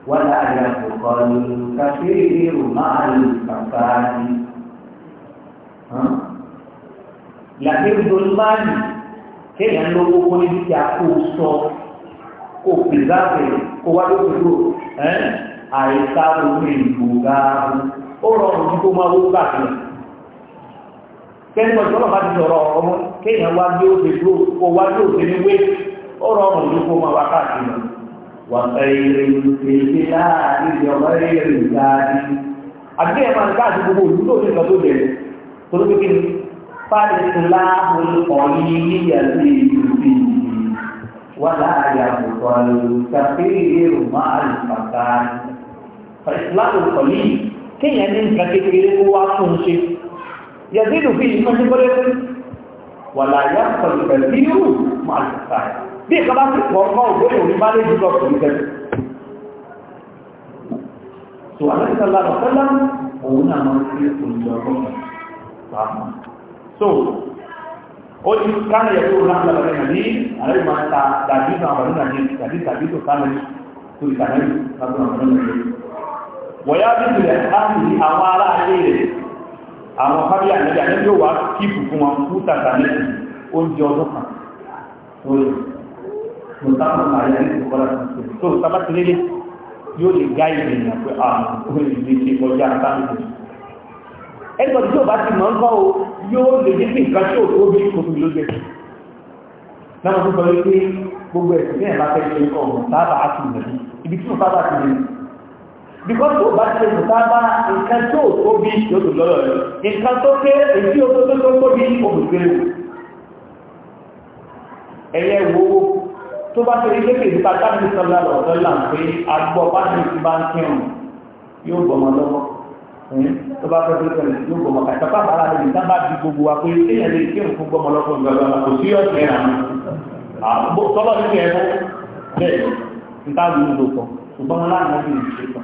ولا يبقى الكثير مع الفساد لكن ظلمان kéèyàn ló gbogbo níbi tí a kó sọ kó pèsèpè kó wá lóko tó àìsá omi ìbò gáàbù ó rọrùn kó máa wó gbàgbé kẹ́ni pẹ̀lú ọlọ́pàá ti sọ̀rọ̀ ọmọ kéèyàn wá bí ó lè dúró kó wá bí ó lè ní wé ó rọrùn ní kó máa wá káàkiri lọ. wàtá eré ìpèsè láàrin ìjọba eré ìdáàdì. àbí ẹ̀ máa ń káàkiri gbogbo òdú tó ní ìkan tó jẹ torí pé kí fáàlì tó láàbùn níyàtí ìdùnnú wọ́n láàyè àbùkù àlùkàfé èrò máa lù pàtà ìsìláàmù kọ̀lì kéèyàn ní nǹkan kékeré kó wá fún un ṣe yàtí ìdùnnú fi wàlá yá pẹ̀lú pẹ̀lú irú máa ti sáyà bí ìkan bá ti pọ̀ ọkọ̀ òwe òní bá lè jùlọ sí ìfẹ́ tó alẹ́sẹ̀ lára fẹ́lá òun náà máa fi olùdó ọkọ̀ pàmò so ó ti káàlì ẹ̀kọ́ òun náà lọ́wọ́ ẹ̀yàn ní àlẹ́ máa ta dàbí náà wà nínú àjẹ́ tàbí tàbí tó sáà lẹ́yìn tó ìtàlẹ́yìn lábẹ́ ọ̀rọ̀ náà lọ́wọ́ wọ̀yá bí àwọn ará ayé àwọn fábílì ànábì ànábì yóò wá kíìpù fún wọn fún tàbí ànábì oúnjẹ ọdún kan lórí mùsàmù àyà ní ìkọlá tó sábàtìlélé yóò lè gá ìrìnà pé àwọn ah, olùdíje ṣe kọjá sáàmù ẹgbẹ̀rún tí ó bá ti mọ́ ń kọ́ o yóò lè jẹ́ pé nǹkan tí ó tó bí kò because tó bá ṣe tó bá nǹkan tó tóbi yóò tó lọ́rọ̀ rẹ̀ nǹkan tó ké èyí ó tó tó tóbi òmùgbèrè ẹ̀yẹ wo tó bá ṣe ilé kèdè bá tábìlì sọ́lá lọ́sọ́ là ń pé agbọ́ bá ṣe ti bá ń kírun yóò gbọmọ lọ́wọ́ tó bá fẹ́ fẹ́ fẹ́ yóò gbọmọ kàtà bá bàrà rẹ̀ nígbà bá di gbogbo wa pé kéèyàn lè kírun fún gbọmọ lọ́wọ́ gbọmọ kò sí ọ̀sẹ̀ rẹ̀ tọ́lọ́ nígbà ẹ̀fọ́ bẹ́ẹ̀ nígbà wù ú lò pọ̀ ṣùgbọ́n láàrín ọdún ìṣẹ́kọ̀ọ́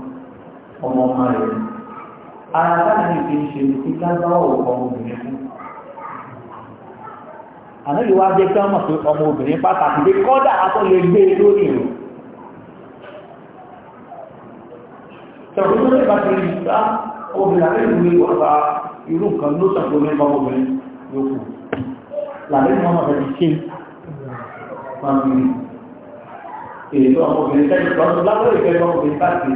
ọmọ ọmọ rẹ̀ ara táàbí kì í ṣe kí lágbáwọ̀ ọmọ obìnrin fún ànáyìí wá jẹ́ kí wọ́n mọ̀ pé ọmọ obìnrin pàtàkì dé kọ́dà akọ́lẹ̀ gbé e lórí rẹ̀ tẹ̀kùnrin bá ti rí sá obìnrin àrẹ́lùwé ọ̀pá irú nǹkan ló sàkó mẹ́fà obìnrin yóò làbẹ́ mọ́ ọmọ rẹ̀ ṣe máa èyí tó ọmọ obìnrin tẹ́lẹ̀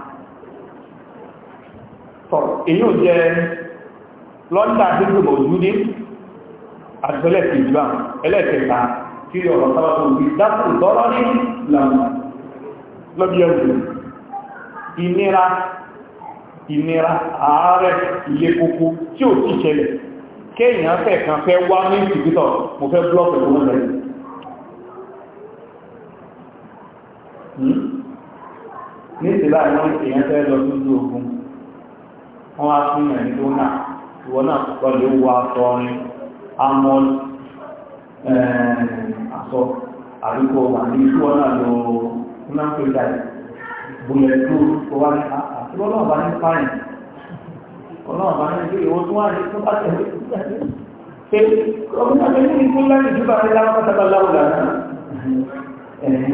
sọ̀rọ̀ èyí ò jẹ́ lọ́ndà tí ó mọ̀ ojú ní àtìlẹ̀ ìjìbá ẹlẹ́ẹ̀kẹta tí ọ̀rọ̀ sábàtò òbí dákù lọ́rọ́ ní lànà lọ́bí ẹ̀rù ìnira ìnira ààrẹ ilé kókó tí ò ti kan fẹ́ wá ní ìtìkítọ̀ mo fẹ́ blọ́ọ̀kì tó ń lẹ́yìn hmm? ní ìsìlá ìwọ̀n èèyàn fẹ́ lọ sí ogun wọ́n wá sí ìyàn ní lónà ìwọ náà púpọ̀ lè wọ aṣọ ọrin amọ́l aṣọ àríkọ àti ìṣúwọ́ náà lọ náà bùlẹ̀ tó tó wá ní àti ọlọ́run bá ní fáyìn ọlọ́run bá ní ìlú ìwọ tó wá ní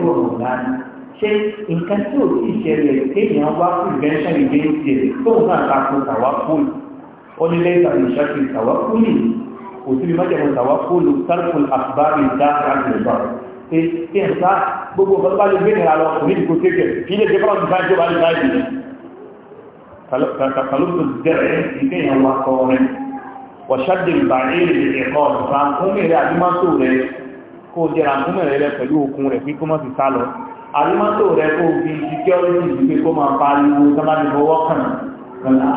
tó bá ṣe nǹkan tí ò sí ìṣẹ̀lẹ̀ kéèyàn wá fún ìgbẹ́ṣẹ́ ìgbé ìṣẹ̀lẹ̀ tó ń náà takò tàwákùn onílé ìtàkùn ìṣẹ́kì tàwákùn ní òsìlè májèmọ̀ tàwákùn tàkùn àfibárì dáadáa ìgbà ṣe ṣe ń sá gbogbo ọ̀gá bá lè gbé ìrìn àlọ́ òní ìdìbò tẹ́kẹ̀ kí ilé ìjọba ọ̀dùn bá jọba ní báyìí kàlùkù dẹ̀rẹ̀ ìgbéyàn wa kọ rẹ̀ wọ̀ṣẹ́dì ìbàrẹ̀ ẹ̀kọ́ ràǹkúnmẹ̀rẹ̀ àdúmọ́tò rẹ̀ kó jẹ ràǹkúnmẹ̀rẹ̀ rẹ̀ pẹ̀lú Alimato, rẹ̀ kó fi security ìgbé kó máa pariwo sábàbí ọwọ́ kan rẹ̀lá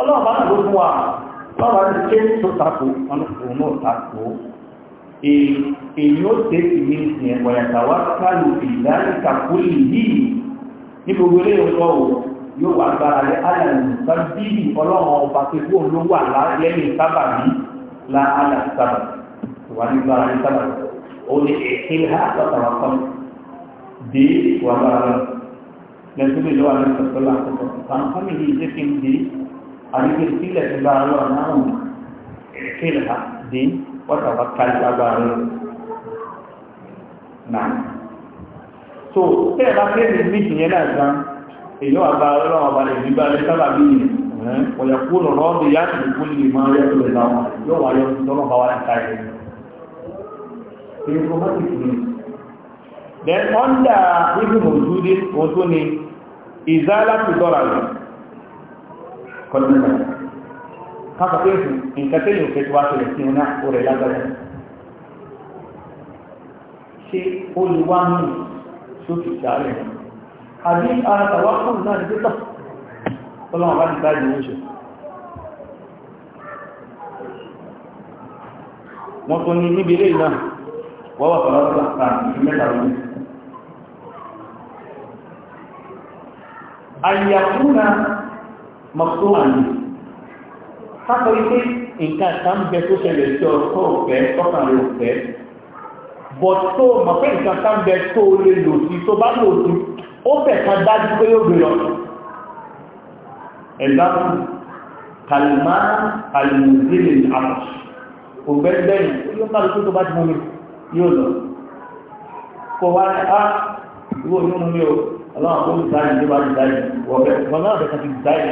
ọlọ́ọ̀bá náà ló fún wa lọ́wọ́ ti ké tó tako wọn òun náà tako èyí ó tẹ́ sí ní ìsìn ẹ̀wọ̀ ìyàtàwà kálù ìdárí kàkúlì yìí ní gbogbo ilé ìwọ̀n o yóò wà gbára rẹ̀ alàlù sábìlì ọlọ́run ọba tó kú òun ló wà lẹ́yìn sábà yìí la di wala dan tu bila ada sekolah tu kan kami di jekim di ada kira kira Allah nau kira di wata wakal kabar nah so saya rasa ni mesti ni lah kan ilo aba Allah aba ni ba le sababi ni wa yakunu radiyan bi kulli ma yaqulu lahu yo wa yo tolong bawa tak ini problematik ni then under ibi mojúdé wọ́n tó ní ìzálà tó dọ́ra rẹ̀ kọ́lùmọ̀ káfàkì èsì nǹkan tẹ́lẹ̀ òfin tó wá ṣẹlẹ̀ sí ọ̀nà òrẹ̀ lágbàdà ṣe ó lè wá mú sókè sáré àbí ara tàwa fún náà ní pípọ̀ tọ́lọ́wọ́n bá ti bá ìlú oṣù wọ́n tó ní níbi ilé náà wọ́wọ́ tọ́lọ́wọ́ àyàkúnà mọ̀tòmàlì sáfọ́ ipé nǹkan kan bẹ tó ṣẹlẹ̀ sí ọ̀tọ́ ọ̀fẹ́ tọ́kàn rẹ̀ ọ̀fẹ́ but tó mọ̀ pé nǹkan kan bẹ tó lè lò sí tó bá lò sí ó bẹ̀ kan dájú pé ó gbé lọ ẹ̀dá fún kalima alimuzilin apache ọlọ́run tó ń sáyẹn tó bá ti dáyé wọ̀bẹ̀ ọlọ́run tó ti dáyé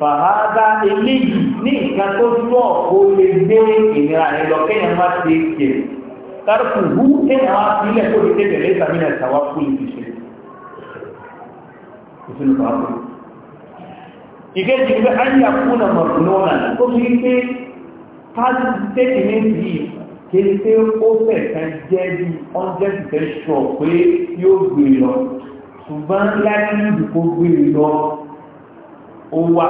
fàhádá eléyìí ní nǹkan tó túnbọ̀ ó lè gbé ìnira rẹ̀ lọ kéèyàn má ti kè tárùkù hú kéèyàn wá sílẹ̀ tó ti tẹ̀lé lẹ́sà mí náà sàwá kú lè ṣe ìṣẹ́lẹ̀ sàwá kú. ìkejì kéde pé ó fẹ̀ẹ̀kan jẹ́ bí hundred percent sure pé yóò gbé e lọ ṣùgbọ́n láti ìlú kó gbé e lọ ó wà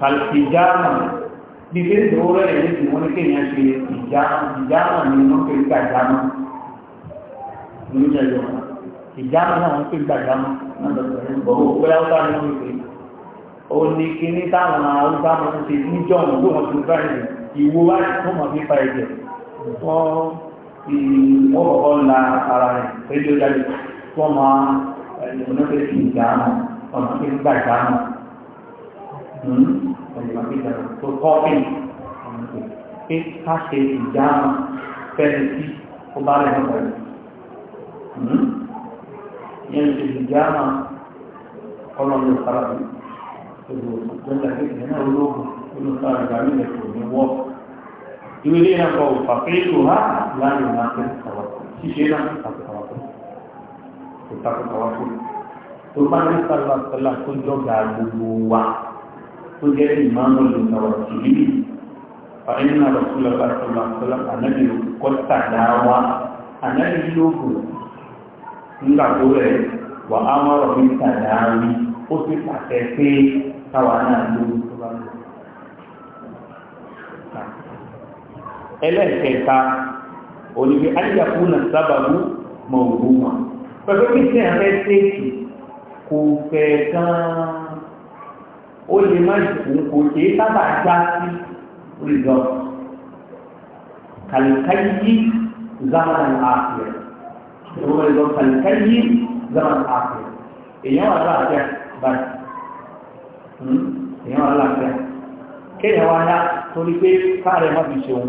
kàlùkìjáàmà bí pé ìdòwò rẹ̀ ní ti wọ́n ní kéèyàn ṣe ìjáàmà ní wọ́n pè gbàjáàmà lóúnjẹ yọ ìjáàmà náà wọ́n pè gbàjáàmà gbogbo bóyá ó bá ní wọ́n pè ó ní kíní táwọn haúsá máa ìwo láti fún ọmọ nípa ẹ̀jẹ̀ wọ́n fi ọkọ̀ọ̀kọ́ la ara rẹ̀ pẹ̀lú ìdájọ́ wọ́n máa ẹ̀lẹ́mọ̀lẹ́fẹ́ sí ìdáná ọ̀nà tó ń gbà ìdáná ọ̀nà tó ń gbà tó kọ́ pé pé ká ṣe ìdáná fẹ́ni tí ó bá rẹ̀ lọ́pọ̀ rẹ̀ yẹn ṣe ìdáná ọlọ́run ìfarahàn gbogbo ìjọba ìgbésẹ̀ náà ológun olùkọ́ àgbà nílẹ̀ kò ní wọ́. Ìwé ilé náà kọ òfàfẹ́ ha láàyè máa fẹ́ kàwákùn. Ṣíṣe náà kò takò kàwákùn. Kò takò kàwákùn. Tó bá ní sálà sálà tó jọ̀gà gbogbo wa tó jẹ́ ìmáàmù lùtàwà kìlì. Fàáyínà Rasulullah sálà sálà ànábì kọ́tà dáwà ànábì lóko nígbà tó rẹ̀ wà á mọ̀rọ̀ ní tàdáwì ó sì pàṣẹ ẹlẹ́ẹ̀kẹta òníbi ayíyàkú na sábàbú mọ̀ ògùn wọn pẹ̀lú kí sí àwọn ẹ́sẹ̀kì kò fẹ́ gan-an ó lè má jùkú kò ṣe é sábà já sí rìzọ kàlùkáyí zaman àfẹ́ ìwọ̀n rìzọ kàlùkáyí zaman àfẹ́ èèyàn wà láàfẹ́ báyìí hmm? èèyàn wà láàfẹ́ kéèyàn wá yá torí pé káàrẹ̀ má fi ṣeun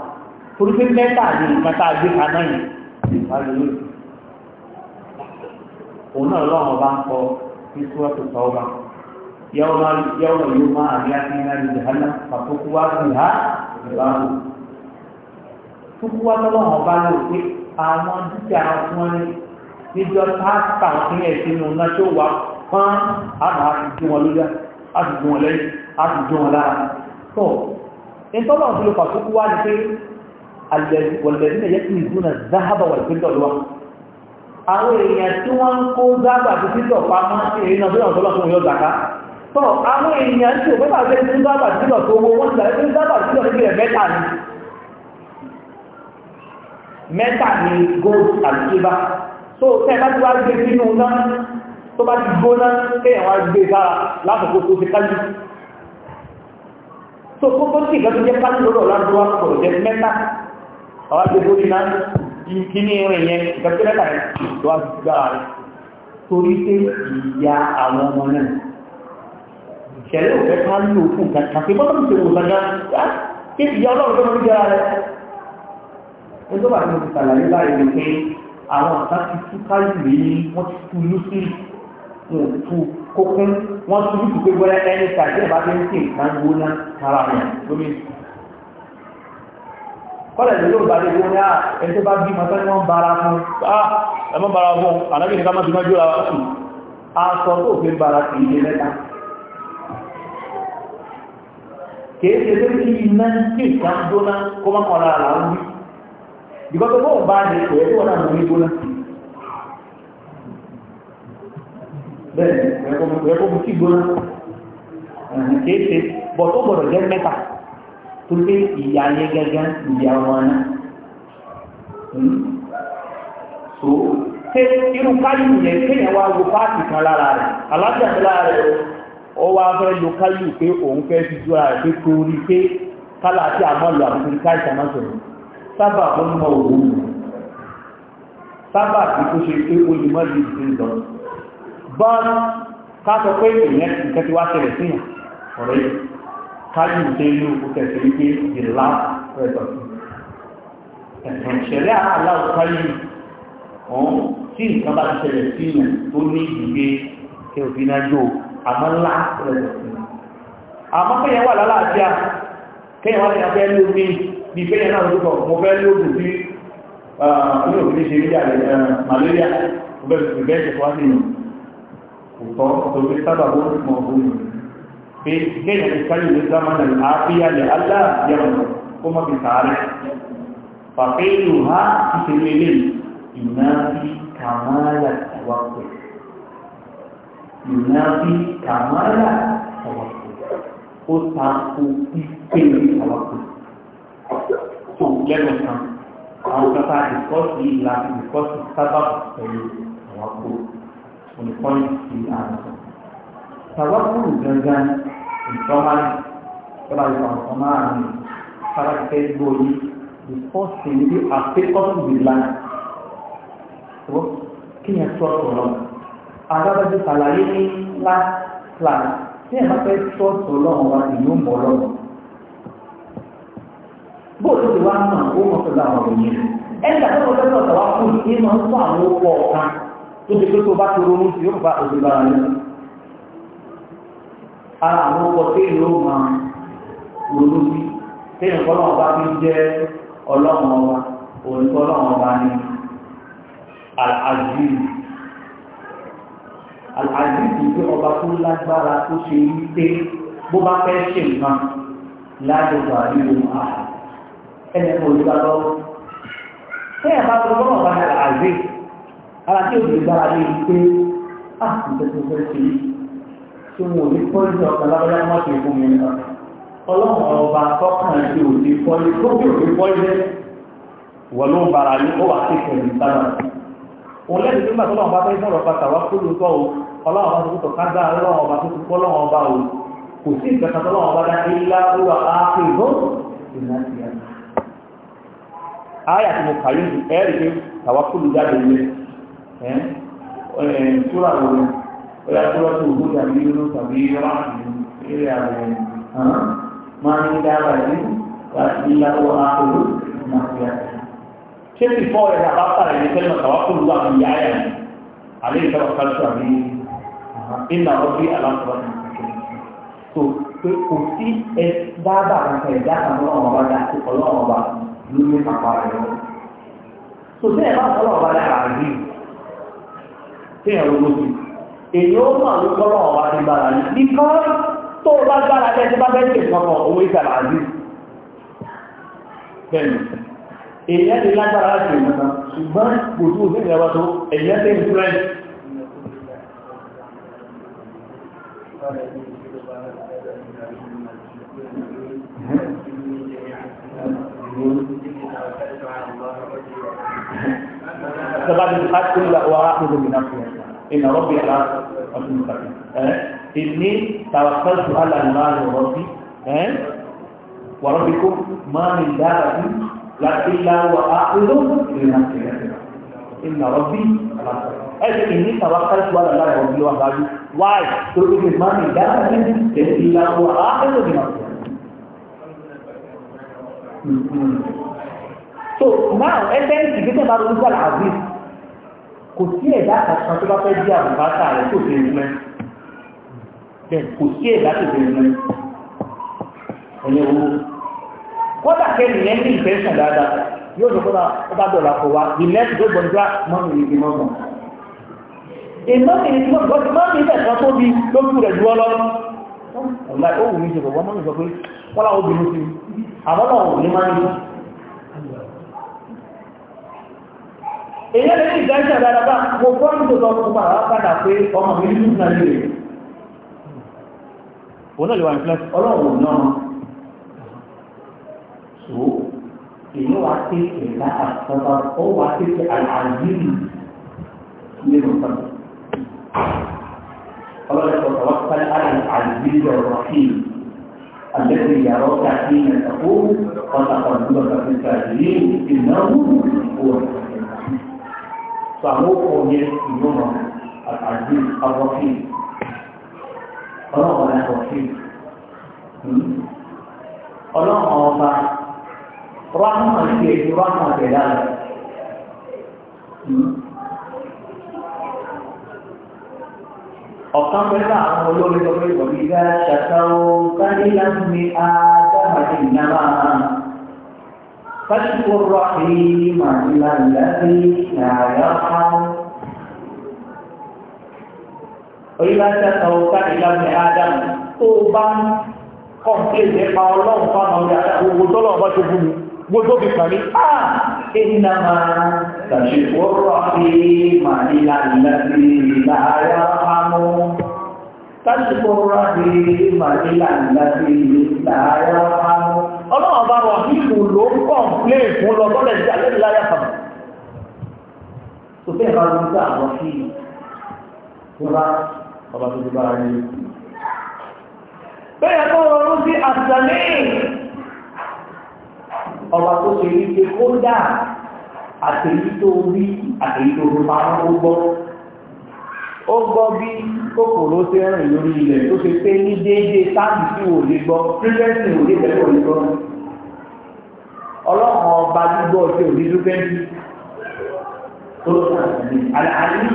torí pé mẹ́ta mata ìkàtà àgbé kaná òun náà bá ń kọ ní súwọ́tò tọ́ọ̀bà yọ́wọ́ yóò máa àbí àti ní ìdáná pàtókù wá sí ìhá ìbáwò tókù lọ́wọ́ bá lò pé àwọn dúkìá wọn ní níjọ ẹ̀sìn tó wà pọ́n àmà wọn lójá wọn lẹ́yìn wọn lára tó ìtọ́lọ̀ òfin pàtókù wá ní pé والذين يكنزون الذهب والفضة الوقت àwọn èèyàn tí wọ́n ń kó zágbà tí títọ̀ pamọ́ èèyàn tó yàn tọ́lọ́ fún yóò zàká tọ́ àwọn èèyàn tí ò pẹ́pà fẹ́ tí zágbà títọ̀ tó owó wọ́n tẹ̀lé tí zágbà títọ̀ níbi rẹ̀ mẹ́ta ni mẹ́ta ni gold àti silver tó tẹ́ bá ti wá gbé sínú náà àwọn tó bójú náà kí ní ìrìn yẹn ìgbàgbé lẹ́tà rẹ̀ tó wá sí gbára rẹ̀ torí pé ìyá àwọn ọmọ náà ìṣẹ̀lẹ̀ òfẹ́ ká ń lò fún kàkàkì bọ́tọ̀ tó ṣe wò gbàgbá kí ìyá ọlọ́run tó mọ̀ ní gbára rẹ̀ ó tó wà ní oṣù sàlàyé láàrin ní pé àwọn àká ti tú káyìí wọ́n ti tú lùsí wọn ò tú kókún wọ́n tú lùsí pé bọ́lá ẹni tàbí ẹ̀bá tó ń sìn kan gbóná kára rẹ̀ lómi kọ́lẹ̀ lè yóò bàrẹ̀ ìwọ́n yá ah, ẹni tó bá bí mọ́tọ́ ní wọ́n bára fún ah, ẹmọ́ bára fún ànábì ní ká má ti mọ́jú ra sí aṣọ tó fi bára sí ilé mẹ́ta kèése tó kí iná kí ìkan dóná kó má kọ́ lára àwọn wí ìgbọ́tọ̀ bó bá ní kò bọ̀ tó gbọ́dọ̀ jẹ́ mẹ́ta tó pé ìyá yẹn gẹ́gẹ́ ìyá wọn hmm? so ṣe irú káyù yẹn kéèyàn wá wo páàkì kan lára rẹ̀ alájà lára rẹ̀ ó wá fẹ́ lo káyù pé òun fẹ́ fi jọra rẹ̀ pé torí pé kálá àti àmọ́lò àbúkú káyì sàmásọ̀rọ̀ sábà fún mọ òun sábà tí ṣe pé o lè mọ́ lè ṣe lọ bọ́n ká sọ pé ìyẹn nǹkan ti wá ṣẹlẹ̀ síyàn ọ̀rẹ́ yìí kájú ìdéyìn òkú kẹsì wípé the last resort ẹ̀sìn ìṣẹ̀lẹ̀ aláwọ̀ kájú ọ̀hún tí nǹkan bá ti ṣẹlẹ̀ sí ìlú tó ní ìdígbé kẹ òfin náà yóò àmọ́ last resort àmọ́ kẹyẹ wà lálàáfíà kẹyẹ wà lẹ́yìn abẹ́ lómi bí kẹyẹ náà ló kọ̀ mo fẹ́ lóògùn mo fẹ́ bẹ́ẹ̀ ṣe sí pé lẹ́yìn ìkárí ìlú zamana àáfíà lè aláàbíyàwó kó mọ́ fi sàárẹ̀ pàpẹ́ ìlú ha ti ṣe lélẹ̀ ìnáfi kàmáàlà tàwákùn ìnáfi kàmáàlà tàwákùn ó ta kó pípé tàwákùn tó lẹ́nu kan àwọn kata ìkọ́sí ìlà ìkọ́sí sábà pẹ̀lú tàwákùn ònìkọ́ni ti àná sọ tàwákùrù gangan ìtọ́mọ́lá tọ́lá ìfọ̀ ọ̀tọ́mọ́ àrùn káràkítẹ́ gbòòyì the first thing bí àpékọ́sì ìlà kí yẹn tọ́ sọ̀rọ̀ adájọ́ sàlàyé ní last class tí yẹn bá fẹ́ tọ́ sọ̀rọ̀ wọn wá ìlú mọ̀ lọ́wọ́ bóòlù ti wá mọ̀ ó mọ̀ sọ̀rọ̀ àwọn òyìn ẹ̀ka tó wọ́n lọ́sọ̀rọ̀ tàwákùrù ní mọ̀ ń fún àwọn owó ọ̀kan tó ti pé tó bá ti ronú sí yóò bá òṣèlú ara rẹ̀ ara àwọn ọkọ̀ tí ìlú máa ronú sí tí ìrìnkọ́lọ́ ọba fi jẹ́ ọlọ́run ọba òǹkọ́lọ́ ọba ní àjíì àjíì kì í pé ọba tó lágbára tó ṣe ń pé bó bá fẹ́ ṣe nǹkan lágbègbè àríwò àà ẹnì kan òjò bá lọ tẹ́yà bá tó lọ́wọ́ bá ní àjíì ara tí òjò gbára lé pé á ah, tẹ́tẹ́ fẹ́ ṣe yìí tí mo ní pọ́lísì ọ̀kan lábẹ́lá má fi fún mi nìkan ọlọ́run ọba tọ́kàn tí ò ti pọ́lísì tó bí ò ti pọ́lísì wọ́n ló ń bara ní ó wà sí ìpẹ̀lú sábà òun lẹ́yìn nígbà tó lọ́wọ́ bá fẹ́ sọ̀rọ̀ pátá wá kó lóòótọ́ o ọlọ́run ọba tó tọ̀ káńdà ọlọ́run ọba tó ti pọ́ ọba o kò sí ìgbàta tọ́lọ́run ọba dá ilá ó wà á pè bọ́ ìrántí àná aya tí mo kàyé ẹ̀rí pé tàwa kúlù jáde ilé ẹ̀ ẹ̀ ṣúra lórí ọlọ́tọ́lọ́tọ́ òkú tàbí irú tàbí ráàlú eré àwẹ̀ máa ń dára ní ìyàwó àkọlù nàìjíríà. ṣé ti fọ́ ẹ̀rọ àbáfàrà ẹ̀yẹ tẹ́lẹ̀ kàwá kó lu àmì ìyá ẹ̀ àlẹ́ ìfẹ́ ọ̀kálùsọ àbí ìlà ọdún aláǹtọ́lá tó pé kò sí ẹ dábàá kankan ẹ̀dá kan lọ́wọ́ ọba dá sí ọlọ́wọ́ ọba lórí àpá rẹ̀ lọ. tòṣẹ́ ẹ̀ bá ọlọ́wọ́ ọba dára rí i tí ẹ̀rọ lóbi èyí ó mà ló kọ́ náà wá sí gbára ní nìkan tó o bá gbára tẹ́ tí bá fẹ́ ṣe kankan owó ìsàlà àbí bẹ́ẹ̀ni èyí ẹ́ ti lágbára láti ìwọ̀n kan ṣùgbọ́n kò tó òfin ìjọba tó èyí ẹ́ ti ń fúnra ẹ̀ Sababin haƙƙin da wa haƙƙin إن ربي على رسول مستقيم إني توكلت على الله وربي وربكم ما من دابة لا إلا هو آخذ بنفسه إن ربي على أي إني توكلت على الله وربي وحده واي تقول ما من دابة إلا هو آخذ بنفسه So now, essentially, kita baru usul hadis kò sí ẹ̀dá kankan tó bá fẹ́ bí àbùbátà rẹ̀ tó fi rúmẹ́ bẹ́ẹ̀ kò sí ẹ̀dá tó fi rúmẹ́ ẹ̀yẹ owó kọ́dà kẹ́lì yẹn ní ìfẹ́sàn dáadáa yóò sọ fún ọ bá dọ̀là kọ wa the next day gbọ̀ndúrà mọ́mì ní ti mọ́mọ́ ìmọ̀mì ní ti mọ́mọ́ ti mọ́mì ní ẹ̀kan tó bí lójú rẹ̀ ju ọlọ́ ọ̀la ó wù mí ṣe bọ̀ wọ́n mọ́mì sọ pé wọ́n obìnrin ti àbọ́lọ̀ òní èyí lè ní ìdájọ́ àdáradá mo fọ́n tó lọ fún bàbá padà pé ọmọ mi nínú náà lè òun náà lè wà nípínlẹ̀ ọlọ́run náà so èyí wà sí ìdá àtọ́ta ó wà sí ti àlàyélu nínú kan ọlọ́run tó kọ̀ wá sáré àlàyélu ọ̀rọ̀ fíìmù الذي يراك حين تقوم وتقلبك في الكافرين انه sọ àwọn òkò yẹn ìlú mọ àtàdé àwọfí ọlọ́run ọ̀la àwọfí ọlọ́run ọba ráhùn àti èdè ráhùn àti ẹ̀dá rẹ̀ ọ̀kan pẹ̀lú àwọn olórí tó fẹ́ ìgbọ̀gbí dá ṣàtàwọn kárí láti ní فالق الرحيم إلى الذي لا يرحم وإذا تتوقع إلى ابن آدم توبان قمتل بقالون فمن يأتأه وطلق وشبه وضو بكاني آه إنما تشف الرحيم إلى الذي لا يرحم تشف الرحيم إلى الذي لا يرحم ọlọ́run bá wà ní ìlú ló ń kàn lé fún lọ lọ́lẹ̀ sí alẹ́ láyà kan tó fẹ́ẹ̀ bá ló ń àwọn sí ìrora ọba tó ti bára ní. bẹ́ẹ̀ kọ́ ọrún sí àtàlẹ́ ọba tó ṣe ní ṣe kódà àtẹ̀yí tó rí àtẹ̀yí tó rí máa ń gbọ́ ó gbọ́ bí kòkòrò ṣe ń rìn lórí ilẹ̀ tó ṣe pé ní déédéé táàbì tí wò lè gbọ́ pírẹ́sì wò lè bẹ̀rẹ̀ wò lè gbọ́ ọlọ́run ọba gbígbọ́ ṣe òní dúpẹ́ńtì tó lọ́sàn àti àlàyé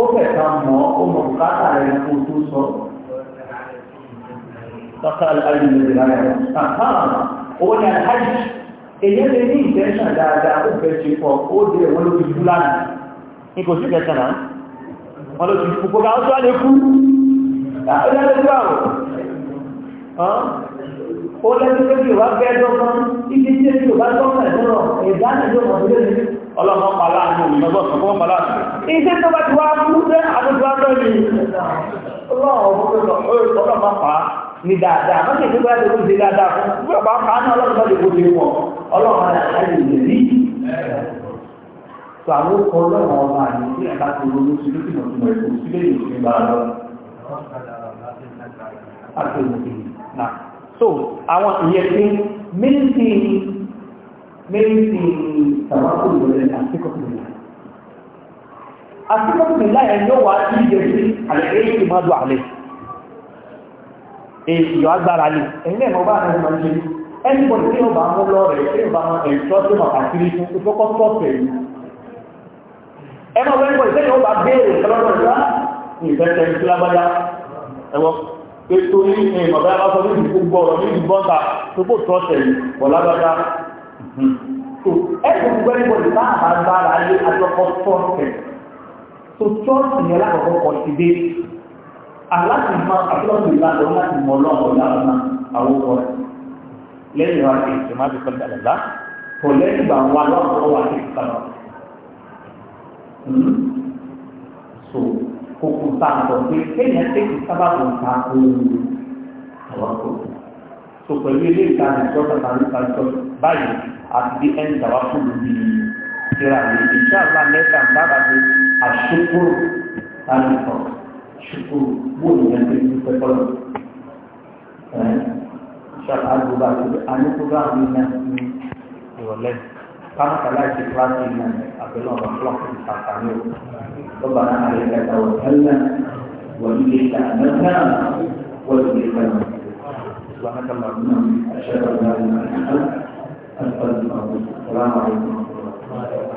ó fẹ̀ka mọ́ ọmọ bùkátà rẹ̀ kó tó sọ tọ́ka aláàbí lórí ara rẹ̀ owó ni àlàyé èyí lè ní ìtẹ́sán dáadáa ó fẹ́ ṣe pọ̀ ó dé ìwọ́n ló fi dúlá nì ní kò sí wọ́n ló ti kú kó ká ọ́sọ́ lè kú ó lẹ́nu pé kí o bá fẹ́ dọ́gbọ́n títí tí kí o bá dọ́gbọ́n ẹ̀dọ́rọ̀ ìdánilò ọ̀dọ́lẹ́ni ọlọ́mọ pàlá àwọn olùgbọ́n fún pàlá ìṣẹ́ tó bá ti wá fún jẹ́ àdójú àdọ́lì ọlọ́mọ pàá ní dáadáa má kéde bá lóko ṣe dáadáa fún bàbá pàá náà ọlọ́mọ lè kó ṣe wọ̀ ọlọ́mọ tó àwọn ọkọ lọ́wọ́ ọba àyè tí ẹ̀ka ti ronú sí lókè náà túmọ̀ èkó sílé yìí ti bá a lọ. so àwọn ìyẹn ti mílíọ̀tì mílíọ̀tì tàbákò ìwọlẹ̀ àtikọ̀tì ìlà àtikọ̀tì ìlà ẹ̀ yóò wá sí ìjẹ́ sí àlẹ́ èyí ti máa dùn àlẹ́ èyí agbára lè ẹ̀yìn ẹ̀mọ́ bá rẹ̀ máa ń ṣe ẹni pọ̀ tí ó bá mú lọ rẹ̀ tí ó bá mọ́ ẹ̀ṣọ́ tí wọ́n àkiri fún ìfọ́kọ́ tọ́ọ̀tẹ̀ yìí ẹ máa wẹ́n pọ̀ ìfẹ́ yóò bá béèrè kọlọ́rọ̀ ìlà ìfẹ́tẹ̀ ìfúlábájá ẹwọ́ ètò ní ìmọ̀bá bá sọ níbi gbogbo ọ̀rọ̀ níbi bọ́ta tó kò tọ́sẹ̀ wọ̀lábájá tó ẹ̀sùn gbogbo ẹni bọ̀dì bá àbá bá ara lé àjọpọ̀ tọ́sẹ̀ tó tọ́sẹ̀ yẹn lákọ̀ọ́kọ́ pọ̀ sí dé aláti mọ àtúntò ìlànà láti mọ ọlọ́run lánàá àwọn ọkọ rẹ̀ lẹ́yìn wa kì í ṣe má fi kọ́ Hmm? so kò kù tá a sọ pé kéèyàn tètè sábà ta kó àwọn kò so pẹ̀lú ilé ìtajà ìjọba tàbí ìtajà báyìí àti bí ẹni tàwa kò lù bí ìṣẹ́ra rẹ̀ ìṣẹ́ àgbà mẹ́ta ń bá bàtẹ àṣekúrò láti sọ ṣùkúrò wọ́n ní ẹni tó ń pẹ́ kọ́lọ̀ àti àníkúrò àwọn ènìyàn ìrọ̀lẹ́yìn kama kala ci fasi nan abdullah bin flok ci sakani ربنا عليك توكلنا وإليك أمرنا وإليك المصير سبحانك اللهم وبحمدك أشهد أن لا إله إلا أنت أستغفرك السلام عليكم ورحمة الله